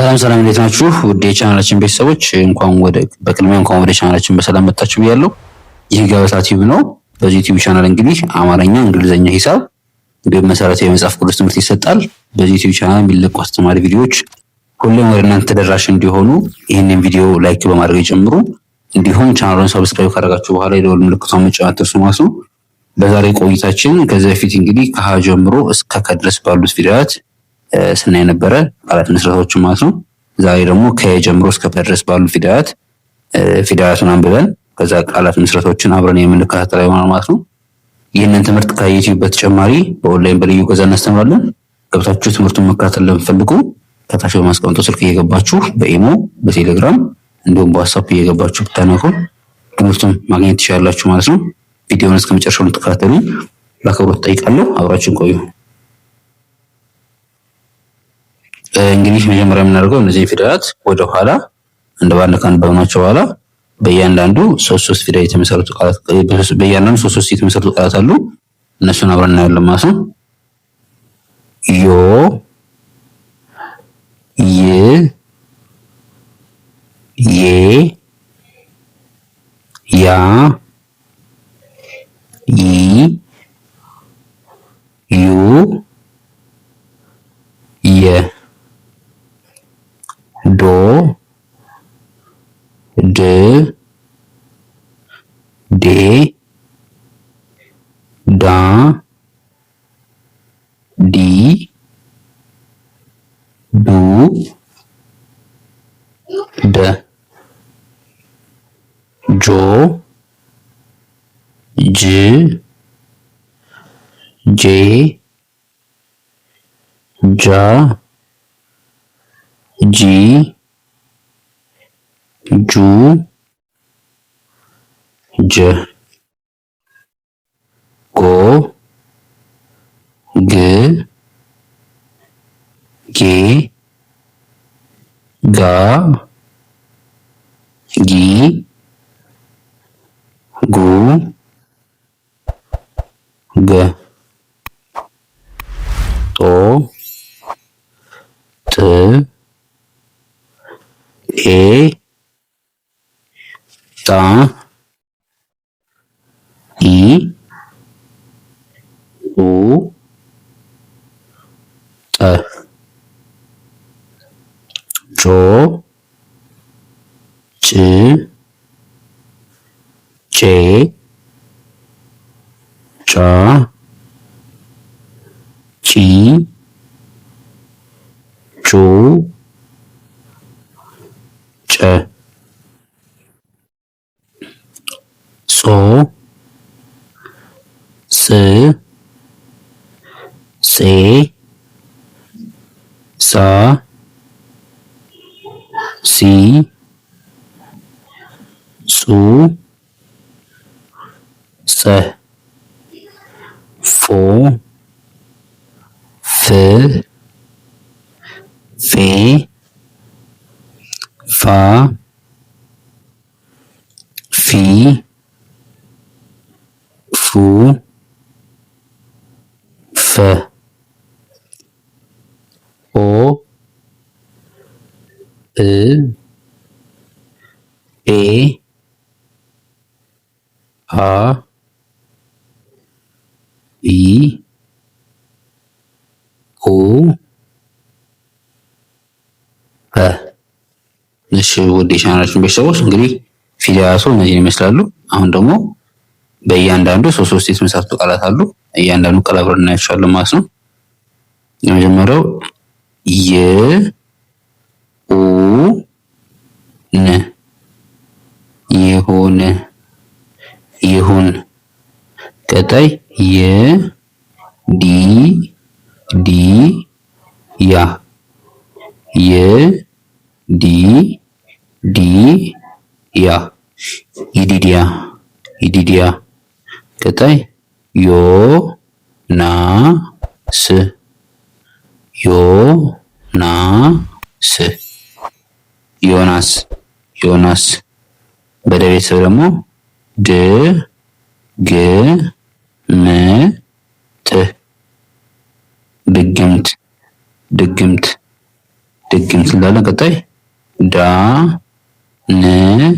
ሰላም ሰላም፣ እንዴት ናችሁ? ውድ የቻናላችን ቤተሰቦች እንኳን ወደ በቅድሚያ እንኳን ወደ ቻናላችን በሰላም መጣችሁ ብያለሁ። ይህ ገበታ ቲዩብ ነው። በዚህ ዩቲዩብ ቻናል እንግዲህ አማርኛ፣ እንግሊዝኛ፣ ሂሳብ እንዲሁም መሰረታዊ የመጽሐፍ ቅዱስ ትምህርት ይሰጣል። በዚህ ዩቲዩብ ቻናል የሚለቁ አስተማሪ ቪዲዮዎች ሁሌም ወደ እናንተ ተደራሽ እንዲሆኑ ይህንን ቪዲዮ ላይክ በማድረግ ጀምሩ እንዲሁም ቻናሉን ሰብስክራይብ ካደረጋችሁ በኋላ የደወል ምልክቷን መጫን አትርሱ ማለት ነው። በዛሬ ቆይታችን ከዚህ በፊት እንግዲህ ከሀ ጀምሮ እስከ ከድረስ ባሉት ቪዲዮያት ስናይ ነበረ ቃላት መስረቶችን ማለት ነው። ዛሬ ደግሞ ከጀምሮ እስከ ድረስ ባሉ ፊደላት ፊደላቱን አንብበን ከዛ ቃላት ምስረቶችን አብረን የምንከታተል ይሆናል ማለት ነው። ይህንን ትምህርት ከዩቲዩብ በተጨማሪ በኦንላይን በልዩ ገዛ እናስተምራለን። ገብታችሁ ትምህርቱን መከታተል ለምፈልጉ ከታች በማስቀምጠው ስልክ እየገባችሁ በኢሞ በቴሌግራም እንዲሁም በዋትስአፕ እየገባችሁ ብታነቁ ትምህርቱን ማግኘት ትችላላችሁ ማለት ነው። ቪዲዮውን እስከ መጨረሻው እንድትከታተሉ በአክብሮት እጠይቃለሁ። አብራችን ቆዩ። እንግዲህ መጀመሪያ የምናደርገው እነዚህ ፊደላት ወደኋላ እንደ በአንድ ካንድ በሆናቸው በኋላ በእያንዳንዱ ሶስት ሶስት ፊደል የተመሰረቱ ቃላት በእያንዳንዱ ሶስት ሶስት የተመሰረቱ ቃላት አሉ። እነሱን አብረን እናያለን ማለት ነው። ዮ ይ ዬ ያ ይ ዩ ዲ ዱ ደ ጆ ጅ ጄ ጃ ጂ ጁ ጀ ጎ ግ ጌ ጋ ጊ ጠ ጮ ጭ ጬ ጫ ጪ ጩ ጨ ጾ ስ። ሴ ሳ ሲ ሱ ሰ ፎ ፍ ፌ ፋ ፊ ፉ ፈ ኦ እ ኤ አ ኢ ኡ እ እሺ ውድ የቻናላችን ቤተሰቦች እንግዲህ ፊደላቱ እነዚህን ይመስላሉ። አሁን ደግሞ በእያንዳንዱ ሶስት ሶስት የተመሳሰሉ ቃላት አሉ። እያንዳንዱ ቃል አብረን እናያቸዋለን ማለት ነው። የመጀመሪያው ይ ኡ ን የሆነ ይሁን። ቀጣይ የ ዲ ዲ ያ የ ዲ ዲ ያ ይዲዲያ ይዲዲያ ቀጣይ ዮ ና ስ ዮናስ ዮናስ ዮናስ በደ ቤተሰብ ደግሞ ድ ግ ም ጥ ድግምት ድግምት ድግምት እንዳለን ቀጣይ ዳ ን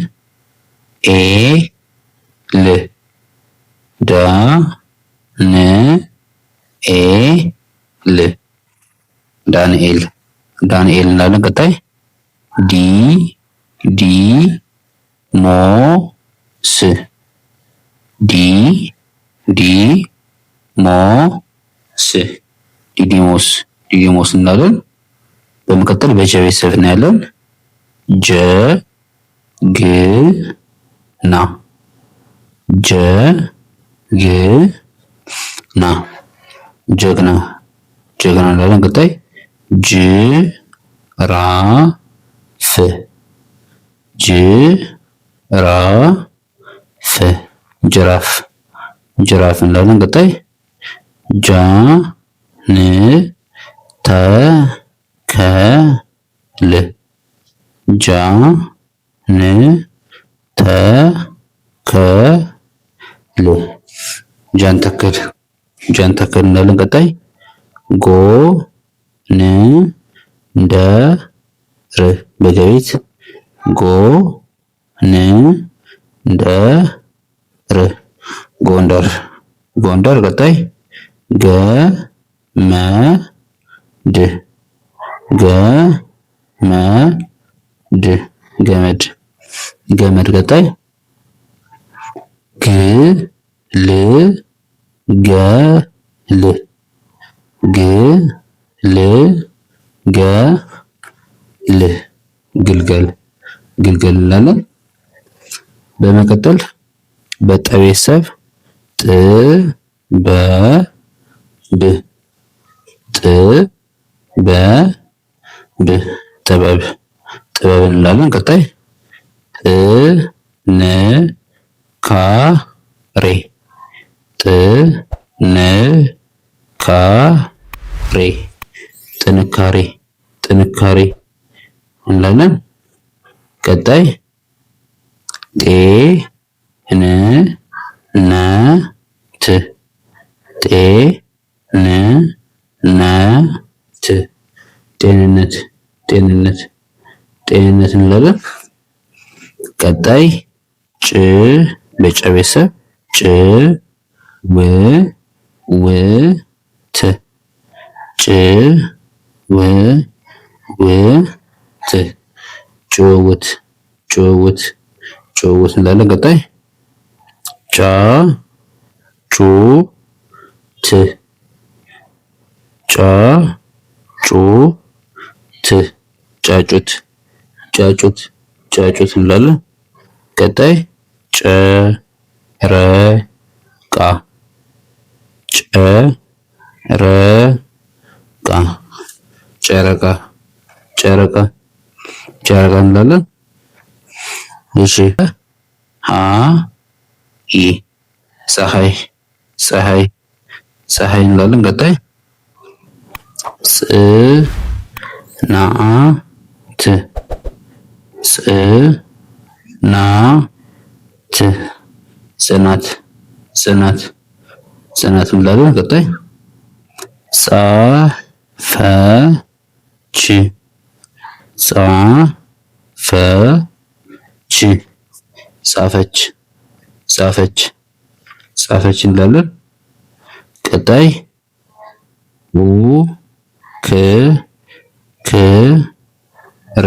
ኤ ል ዳ ዳንኤል ዳንኤል እንላለን። ቀጣይ ዲ ዲ ሞ ስ ዲ ዲ ሞ ስ ዲዲሞስ ዲዲሞስ እንላለን። በመቀጠል በጀ ቤተሰብ እናያለን። ጀ ግ ና ጀ ግ ና ጀግና ጀግና እንላለን። ቀጣይ ጅራፍ ጅራፍ ጅራፍ ጅራፍ እንላለን። ቀጣይ ጃ ን ተ ከ ል ጃ ን ተ ከ ል ጃን ተከል ጃን ተከል እንላለን። ቀጣይ ጎ ን ደ ር በገቢት ጎ ን ደ ር ጎንደር ጎንደር። ቀጣይ ገ መ ድ ገ መ ድ ገመድ ገመድ። ቀጣይ ግ ል ገ ል ግ ልገልህ ግልገል ግልገል እንላለን። በመቀጠል በጠ ቤተሰብ ጥበብ ጥበብ ጥበብ ጥበብ እንላለን። ቀጣይ ጥንካሬ ጥንካሬ እንላለን። ቀጣይ ጤ ን ጤ ን ነ ት ጤንነት ጤንነት ጤንነት እንላለን። ቀጣይ ጭ በጨ ቤተሰብ ጭ ው ው ት ጭ ው ው ት ጭውውት ጭውውት ጭውውት እንላለን ቀጣይ ጫ ጩ ት ጫ ጩ ት ጫጩት ጫጩት ጫጩት እንላለን ቀጣይ ጨ ረ ቃ ጨ ረ ቃ ጨረቃ ጨረቃ ጨረቃ እንላለን። እሺ ሀ ይ ፀሐይ ፀሐይ ፀሐይ እንላለን። ቀጣይ ጽ ና ጽናት ጽናት ጽናት እንላለን። ቀጣይ ጻ ጻፈች ጻፈች ጻፈች ጻፈች እንላለን። ቀጣይ ኡ ክ ክ ር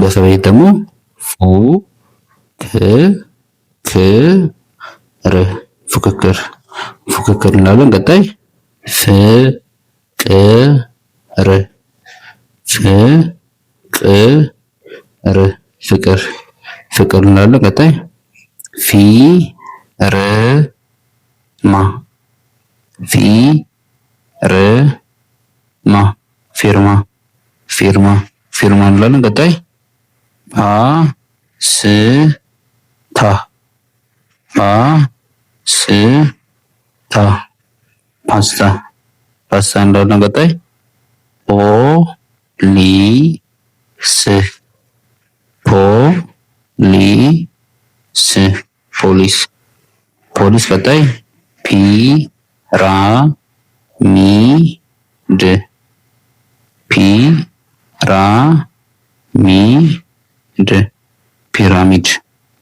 በሰበየት ደግሞ ኡ ክ ክ ር ፉክክር ፉክክር እንላለን። ቀጣይ ፍ ቅ ር ፍቅር ፍቅር ፍቅር እንላለን። ቀጣይ ፊ ር ማ ፊ ር ማ ፊርማ ፊርማ ፊርማ እንላለን። ቀጣይ አ ስ ታ አ ስ ታ ፓስታ ፓስታ እንላለን። ቀጣይ ኦ ሊ ስህ ፖ ሊ ስህ ፖሊስ ፖሊስ። ቀጣይ ፒ ራ ሚ ድ ፒ ራ ሚ ድ ፒራሚድ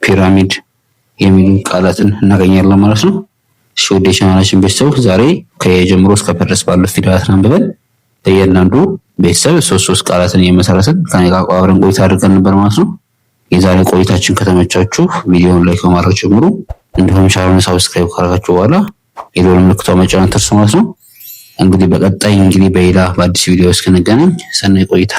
ፒራሚድ የሚሉ ቃላትን እናገኛለን ማለት ነው። እሺ ወደ ቻናላችን ቤተሰቦች ዛሬ ከጀምሮ እስከ ፐረስ ባለው ፊደላት አንብበን በእያንዳንዱ ቤተሰብ ሶስት ሶስት ቃላትን እየመሰረትን ከኔ ጋር አብረን ቆይታ አድርገን ነበር ማለት ነው። የዛሬ ቆይታችን ከተመቻችሁ ቪዲዮውን ላይክ በማድረግ ጀምሩ። እንዲሁም ቻናሉን ሳብስክራይብ ካረጋችሁ በኋላ የሎን ምልክቷ መጫን አትርሱ ማለት ነው። እንግዲህ በቀጣይ እንግዲህ በሌላ በአዲስ ቪዲዮ እስክንገናኝ ሰናይ ቆይታ